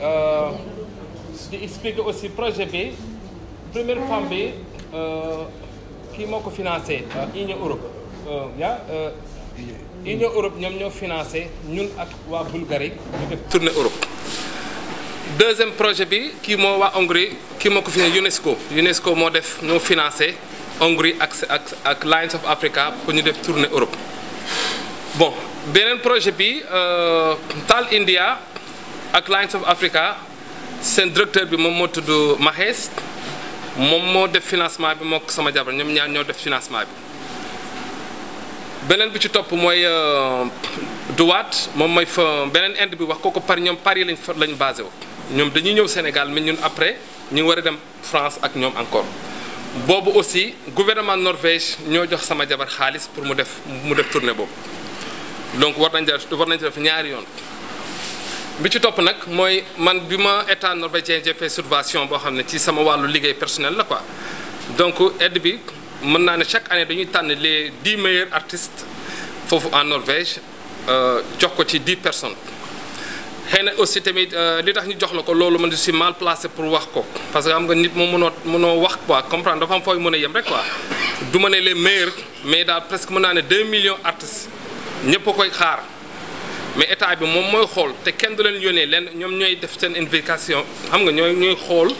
Euh, di expliquer aussi projet bi première femme bi euh, kii moo ko financé euh, Union Europe ya Union Europe ñoom ñoo financé ñun ak waa Bulgarie ñu def tournée Europe deuxième projet bi kii moo waa Hongrie kii moo ko fi UNESCO UNESCO moo def ñoo financé Hongrie ak ak ak Lions of Africa pour ñu def tournée Europe bon beneen projet bi euh, Tal India ak Lions of Africa seen directeur bi moom moo tudd Mahes moom moo def financement bi moo ko sama jabar ñoom ñaar ñoo def financement bi beneen bi ci topp mooy euh, Duwaat moom mooy fa beneen inde bi wax kooku par ñoom Paris lañ fa lañ basé wu ñoom dañuy ñëw Sénégal mais ñun après ñu war a dem France ak ñoom encore boobu aussi gouvernement norvége ñoo jox sama jabar xaalis pour mu def mu def tournée boobu donc war nañ def war nañ def ñaari yoon bi ci topp nag mooy man bi ma état norvégien jëfee subvention boo xam ne ci sama wàllu liggéey personnel la quoi donc ed bi mën naa ne chaque année dañuy tànn les dix meilleurs artistes foofu en Norvège euh, jox ko ci dix personnes xëy na aussi tamit euh, li tax ñu jox la ko loolu man je suis mal placé pour wax ko parce que xam nga nit moom mënoo mënoo wax quoi comprendre dafa am fooy a yem rek quoi du ma ne les mais daal presque mën naa ne 2 millions artistes ñëpp koy xaar mais état bi moom mooy xool te kenn du leen yónnee leen ñoom ñooy def seen investigation xam nga ñooy ñooy xool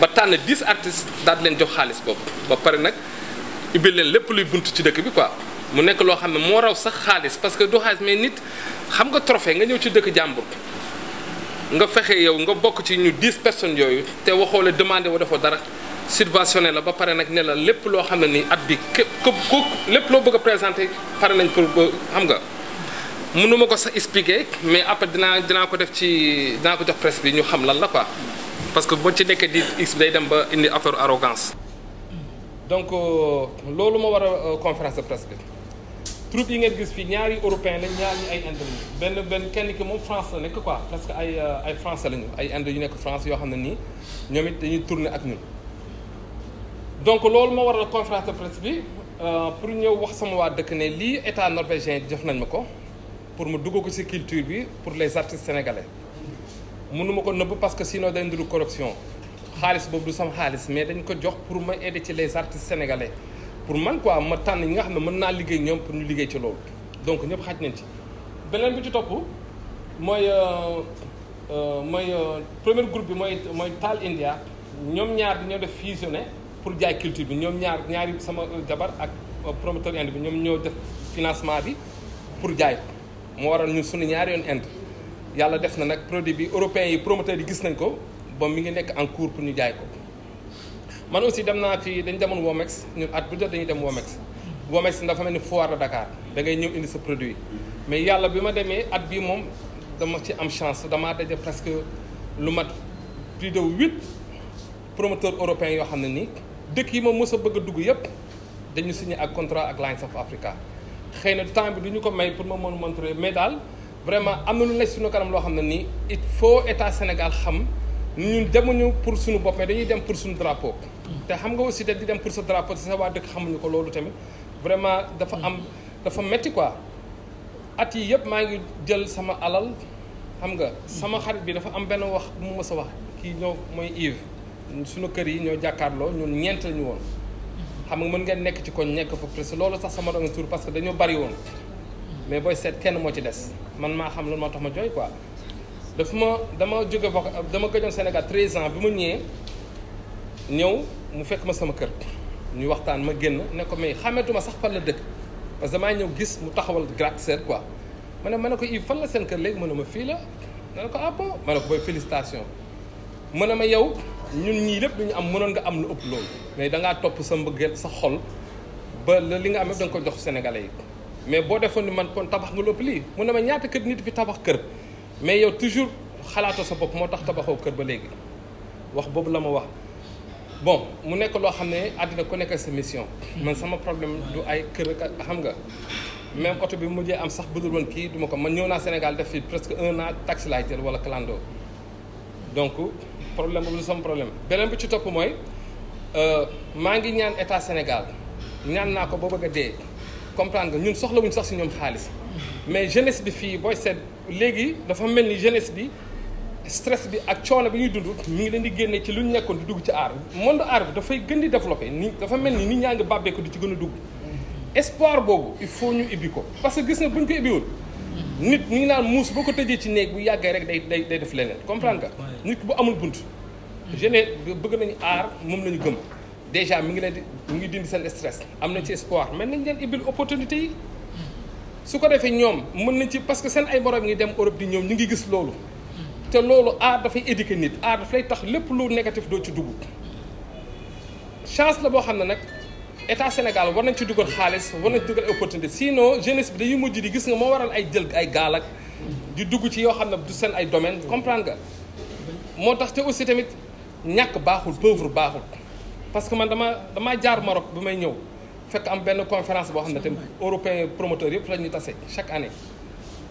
ba tànn 10 artistes daal di leen jox xaalis boobu ba pare nag ubbil leen lépp luy bunt ci dëkk bi quoi. mu nekk loo xam ne moo raw sax xaalis parce que du xaalis mais nit xam nga trophée nga ñëw ci dëkk jàmbur nga fexe yow nga bokk ci ñu 10 personnes yooyu te waxoo la demandé wa defoo dara subventionné la ba pare nag ne la lépp loo xam ne nii at bi képp képp lépp loo bëgg a pare nañ pour ba xam nga. mënu ma ko sax expliquer mais après dina dinaa ko def ci dinaa ko jox presque bi ñu xam lan la quoi parce que boo ci nekkee di x day dem ba indi affaire arrogance donc euh, loolu moo war a euh, conférence de presse bi. troupe yi ngeen gis fii ñaari européen lañ ñaar ñu ay Inde lañu benn benn kenn ki moom France la nekk quoi parce que ay euh, ay français lañu ay Inde yu nekk France yoo xam ne nii ñoom it dañuy tourner ak ñun. donc loolu moo waral conférence de presse bi euh, pour ñëw wax sama waa dëkk ne lii état norvégien jox nañ ma ko pour ma dugg ko ci culture bi pour les artistes sénégalais mënuma ko nëbb parce que sinon day nduru corruption xaalis boobu du sama xaalis mais dañ ko jox pour ma aider ci les artistes pour man ko am ma tànn ñi nga xam ne mën naa liggéey ñoom pour ñu liggéey ci loolu donc ñëpp xaj nañ ci beneen bi ci topp mooy euh, euh, mooy euh, premier groupe bi mooy mooy Taal India ñoom ñaar ñoo def fusionné pour jaay culture bi ñoom ñaar ñaari sama jabar ak promoteur inde bi ñoom ñoo def financement bi pour jaay ko moo waral ñun suñu ñaari yoon inde yàlla def na nag produit bi européens yi promoteur yi gis nañ ko ba mi ngi nekk en cours pour ñu jaay ko man aussi dem naa fii dañ demoon Womex ñun at bu jot dañuy dem Womex Womex dafa mel ni foire de Dakar da ngay ñëw indi sa produit mais yàlla bi ma demee at bii moom dama ci am chance damaa daje presque lu mat plus de huit promoteurs européens yoo xam ne nii dëkk yi ma mës a bëgg a dugg yëpp dañu signé ak contrat ak Lines of Africa xëy na temps bi du ñu ko may pour ma mën montrer mais daal vraiment am na lu nekk suñu kanam loo xam ne nii it faut état Sénégal xam. ñun demuñu pour suñu bopp mais dañuy dem pour suñu drapeau. te xam nga aussi di dem pour sa drapeau sa waa dëkk xamuñu ko loolu tamit vraiment dafa am dafa metti quoi at yii yëpp maa ngi jël sama alal xam nga. sama xarit bi dafa am benn wax mu ma a wax kii ñoo mooy Yves suñu kër yi ñoo jàkkaarloo ñun ñeent lañu woon. xam nga mën ngeen nekk ci koñ nekk fa presque loolu sax sama doon tur parce que dañoo bari woon mais booy seet kenn moo ci des man maa xam lan moo tax ma jooy quoi. daf ma dama jóge vaca dama gëjoon Sénégal 13 ans bi ma ñëwee ñëw mu fekk ma sama kër ñu waxtaan ma génn ne ko mais xamatuma sax fan la dëkk parce que damaa ñëw gis mu taxawal gratte-ciel quoi ma ne ma ne ko Yves fan la seen kër léegi ma ne ma fii la ma ne ko ah bon ma ne ko booy félicitation ma ne ma yow ñun ñii lépp lu ñu am mënoon nga am lu ëpp loolu mais da ngaa topp sa mbëggeel sa xol ba la li nga am yëpp da nga ko jox Sénégalais yi mais boo defoon ni man kon tabax nga lu ëpp lii mu ne ma ñaata kër nit tabax kër. mais yow toujours xalaatoo sa bopp moo tax tabaxoo kër ba léegi wax boobu la ma wax bon mu nekk loo xam ne àddina ku nekk sa mission. man sama problème du ay kër xam nga même oto bi mujjee am sax budul woon kii duma ko man ñëw naa Sénégal def fi presque un an taxi laay jël wala clando donc problème boobu du sama problème. beneen bi ci topp mooy euh, maa ngi ñaan état Sénégal ñaan naa ko ba bëgg a dee comprendre nga ñun soxlawuñ sax si ñoom xaalis mais fii booy seet. léegi dafa mel ni jeunesse bi stress bi ak coono bi ñuy dund mi ngi leen di génne ci lu ñu nekkoon di dugg ci art bi monde art bi dafay gën di développé ni dafa mel ni nit ñaa ngi bàbbee di ci gën a dugg espoir boobu il faut ñu ibbi ko parce que gis ne bu ñu ko ibbiwul nit ñu ngi naan muus boo ko tëjee ci néeg bu yàggee rek day day day def leneen comprendre nga nit bu amul bunt jeunesse bëgg nañu aar moom la ñu gëm déjà mi ngi leen di mi ngi dindi seen stress am nañ ci espoir mais nañ leen ibbil opportunité yi su ko defee ñoom mën nañ ci parce que seen ay borom ngi dem Europe di ñoom ñu ngi gis loolu te loolu aar dafay éduquer nit aar daf lay tax lépp lu négatif doo ci dugg chance la boo xam ne nag état Sénégal war nañ ci dugal xaalis war nañ ci dugal opportunité sinon jeunesse bi dañuy mujj di gis nga moo waral ay jël ay gaal di dugg ci yoo xam ne du seen ay domaine comprendre nga moo tax te aussi tamit ñàkk baaxul pauvre baaxul parce que man dama damaa jaar moro bi may ñëw fekk am benn conférence boo xam ne tamit européen promoteur yëpp la ñuy tase chaque année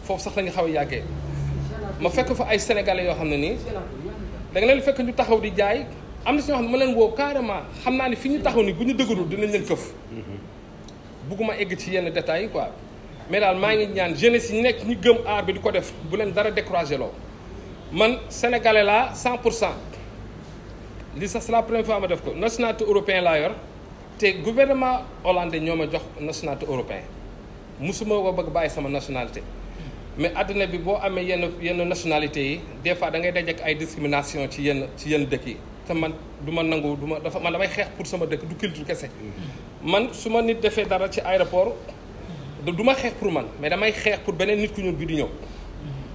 foofu sax la ñu xaw a yàggee ma fekk fa ay sénégalais yoo xam ne nii da nga leen fekk ñu taxaw di jaay am na si ñoo xam ne ma leen woo carrément xam naa ne fi ñu taxaw ni bu ñu dëgërul dinañ leen këf. bugguma egg ci yenn détails yi quoi mais daal maa ngi ñaan jeunesse yi nekk ñu gëm aar bi di ko def bu leen dara découragé loo man sénégalais la cent pour cent li sax c'est la première fois ma def ko nationalité européen laa yor. te gouvernement hollandais ñoo ma jox nationalité européen musuma ko bëgg bàyyi sama nationalité mais àddina bi boo amee yenn yenn nationalité yi des fois da ngay dajeek ay discrimination ci yenn ci yenn dëkk yi te man du ma nangu du ma dafa man damay xeex pour sama dëkk du culture kese man su ma nit defee dara ci aéroport du ma xeex pour man mais damay xeex pour beneen nit ku ñuul bi di ñëw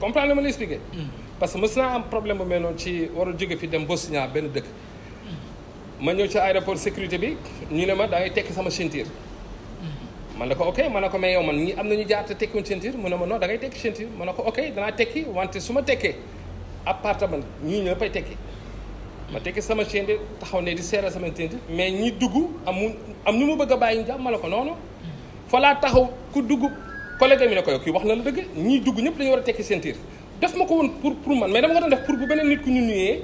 comprendre ma la expliquer mm. parce que mës naa am problème bu mel noonu ci war a jóge fi dem Bosnia benn dëkk ma ñëw ci aéroport sécurité bi ñu ne ma da tekki sama ceinture man na ko ok man ne ko mais yow man ñi am na ñu jaar te tekkiwuñ ceinture mu ne ma non da tekki ceinture man ne ko ok danaa tekki wante su ma tekkee appartement ñii ñëpp ay tekki ma tekki sama ceinture taxaw ne di seeral sama ceinture mais ñi dugg amu am ñu mu bëgg bàyyi ñu jàpp ma ne ko noonu non fa laa taxaw ku dugg collègue mi ne ko yow kii wax na la dëgg ñii dugg ñëpp dañu war a tekki ceinture def ma ko woon pour pour man mais dama ko doon def pour bu beneen nit ku ñu nuyee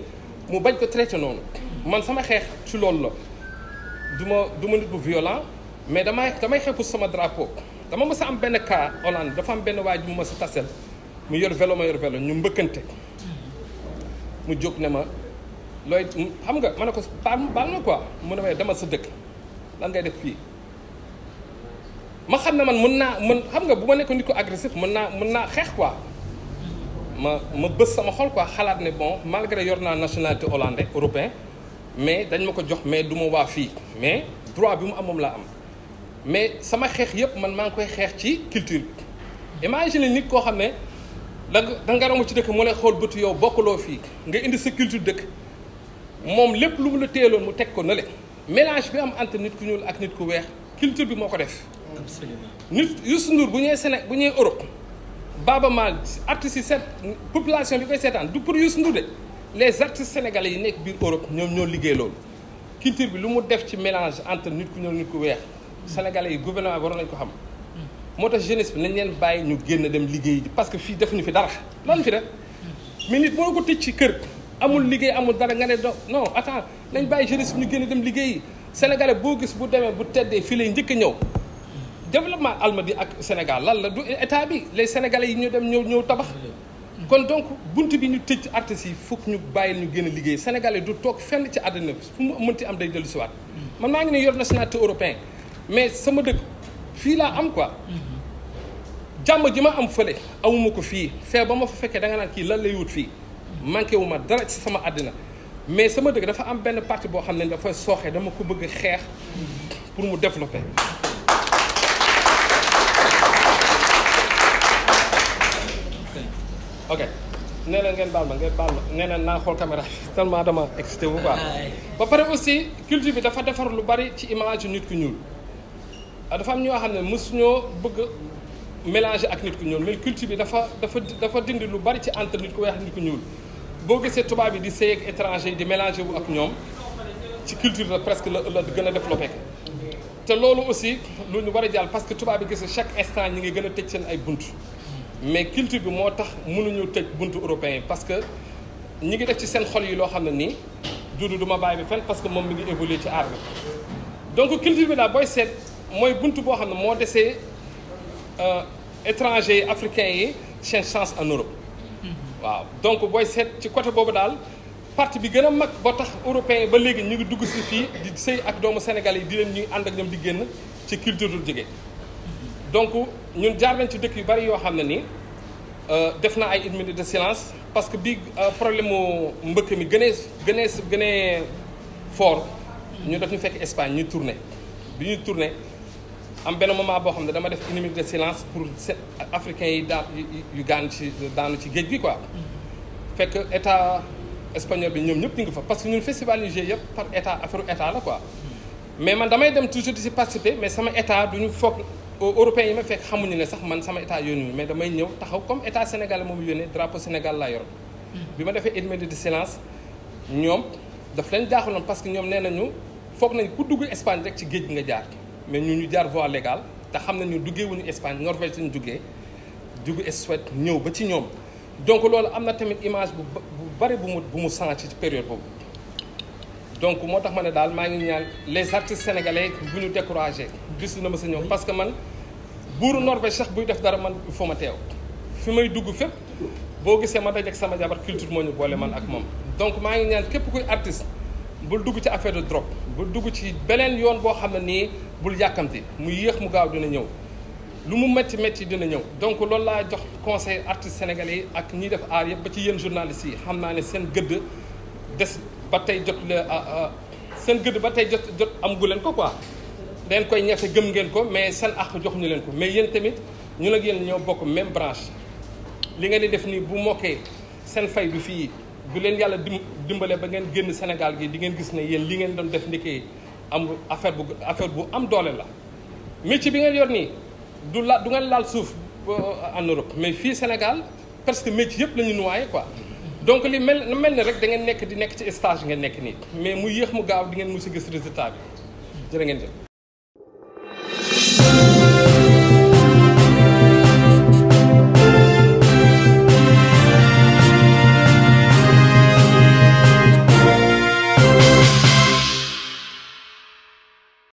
mu bañ ko traité noonu. man sama xeex ci loolu la du ma du ma nit bu violent mais damay damay xeexu sama drapeau dama mës a am benn cas Hollande dafa am benn waa ji mu mës a tasel mu yor vélo ma yor vélo ñu mbëkkante mu jóg ne ma looy xam nga ma ne ko baal baal na quoi mu ne ma demal sa dëkk lan ngay def fii ma xam ne man mën naa mën xam nga bu ma nekkoon nit ko agressif mën naa mën naa xeex quoi ma ma bës sama xol quoi xalaat ne bon malgré yor naa nationalité hollandais européen mais dañ ma ko jox mais du ma waa fii mais droit bi mu am laa am mais sama xeex yëpp man maa ngi koy xeex ci culture bi. imagine nit koo xam ne da nga nga romb ci dëkk mu lay xool bëtu yow bokkuloo fii nga indi sa culture dëkk moom lépp lu mu la teeloon mu teg ko na le mélange bi am entre nit ku ñuul ak nit ku weex culture bi moo ko def. nit Youssou Ndour bu ñëwee Sénégal bu ñëwee Europe Baaba Maal artistes yi seet population bi koy seetaan du pour Youssou Ndour de. les artistes sénégalais yi nekk biir Europe ñoom ñoo liggéey loolu culture bi lu mu def ci mélange entre nit ku ñuul nit ku weex sénégalais yi gouvernement waroon nañ ko xam moo tax jeunesse bi nañ leen bàyyi ñu génn dem liggéey ji parce que fii defuñu fi dara lan fi def mais nit moo ko tëj ci kër amul liggéey amul dara nga ne do non attends nañ bàyyi jeunesse bi ñu génn dem liggéey sénégalais boo gis bu demee bu teddee fii lay njëkk a ñëw développement Almadies ak Sénégal lan la état bi les sénégalais yi ñu dem ñëw ñëw tabax kon donc bunt bi ñu tëj artistes yi foog ñu bàyyi ñu gën a liggéey sénégalais du toog fenn ci àddina bi fu mu mënti am day dellu si waat man maa ngi ne yor nationalité européen mais sama dëkk fii laa am quoi jàmm ji ma am fële amuma ko fii fee ba ma fa fekkee da nga naan kii lan lay wut fii manqué wu ma dara ci sama àddina mais sama dëkk dafa am benn parti boo xam ne dafa sooxee dama ko bëgg xeex pour mu développer ok nee na ngeen baal ma ngeen baal ma nee naa xool caméra bi tellement dama excité wu quoi. ba pare aussi culture bi dafa defar lu bari ci image nit ku ñuul. Ah, dafa am ñoo xam ne mu mësuñoo bëgg mélanger ak nit ku ñuul mais culture bi dafa dafa dafa dindi lu bari ci entre nit ku weex nit ku ñuul. boo gisee tubaab yi di sëy ak étranger di mélanger wu ak ñoom ci culture la presque la la gën a def développé te loolu aussi lu ñu war a jàll parce que tubaab yi gis chaque instant ngi gën a tëj seen ay bunt. mais culture bi moo tax mënuñu teg buntu européen yi parce que ñi ngi def ci seen xol yi loo xam ne nii du du ma bàyyi bi fenn parce que moom mi ngi évoluer ci art bi donc culture bi daal booy seet mooy bunt boo xam ne moo desee euh, étrangers yi africains yi seen chance en Europe mm-hmm. waaw donc booy seet ci côté boobu daal parti bi gën a mag boo tax européens ba léegi ñu ngi dugg si fii di sëy ak doomu Sénégal yi di leen ñuy ànd ak ñoom di génn ci culture dul jógee donc ñun jaar nañ ci dëkk yu bari yoo xam ne nii euh, def na ay une minute de silence parce que bi euh, problème mu mbëkk mi gënee gënee gënee fort ñu def ñu fekk Espagne ñu tourné bi ñu tourné am benn moment boo xam ne dama def une minute de silence pour africains yi daan yu gaan ci daanu ci géej gi quoi fekk état espagnol bi ñoom ñëpp ñu ngi fa parce que ñun festival yu yëpp par état affaire état la quoi mais man damay dem toujours di si participer mais sama état duñu foog européens yi ma fekk xamuñu ne sax man sama état yónni mais damay ñëw taxaw comme état sénégalais moom yónnee drapeau Sénégal laa yoroon. Hmm. bi ma defee une minute de silence ñoom daf leen jaaxaloon parce que ñoom nee nañu foog nañ ku dugg Espagne rek ci géej bi nga jaar mais ñu ñu jaar voie légale te xam nañu duggee wuñu Espagne Norvège lañu duggee dugg Suède ñëw ba ci ñoom donc loolu am na tamit image bu bu bari bu mu bu mu changé ci période boobu. donc moo tax ma ne daal maa ngi ñaan les artistes sénégalais bu ñu découragé gis na ma sa ñoom parce que man. buuru Norvège sax buy def dara man foo ma teew fi may dugg fépp boo gisee ma dajeek sama jabar culture moo ñu boole man ak moom. donc maa ngi ñaan képp kuy artiste bul dugg ci affaire de drogue bul dugg ci beneen yoon boo xam ne nii bul yàkkamti mu yéex mu gaaw dina ñëw lu mu métti métti dina ñëw. donc loolu laa jox conseil artiste sénégal yi ak ñiy def aar yëpp ci yéen journalistes yi xam naa ne seen gëdd des ba tey jot la ah, ah, seen gëdd ba tey jot jot am leen ko dangeen koy ñafe gëm ngeen ko mais seen àq jox ñu leen ko mais yéen tamit ñu ak gen ñoo bokk même branche li ngeen di def nii bu mokkee seen fay bi fii du leen yàlla dim dimbale ba ngeen génn Sénégal gi di ngeen gis ne yéen li ngeen doon def ndikee am affaire bu affaire bu am doole la métier bi ngeen yor nii du la du ngeen laal suuf euh, en Europe mais fii Sénégal parce que métier yëpp la ñu noyé quoi donc li mel na mel ni rek da ngeen nekk di nekk ci stage ngeen nekk nii mais mu yéex mu gaaw di ngeen mu si gis résultat bi jërë ngeen jëf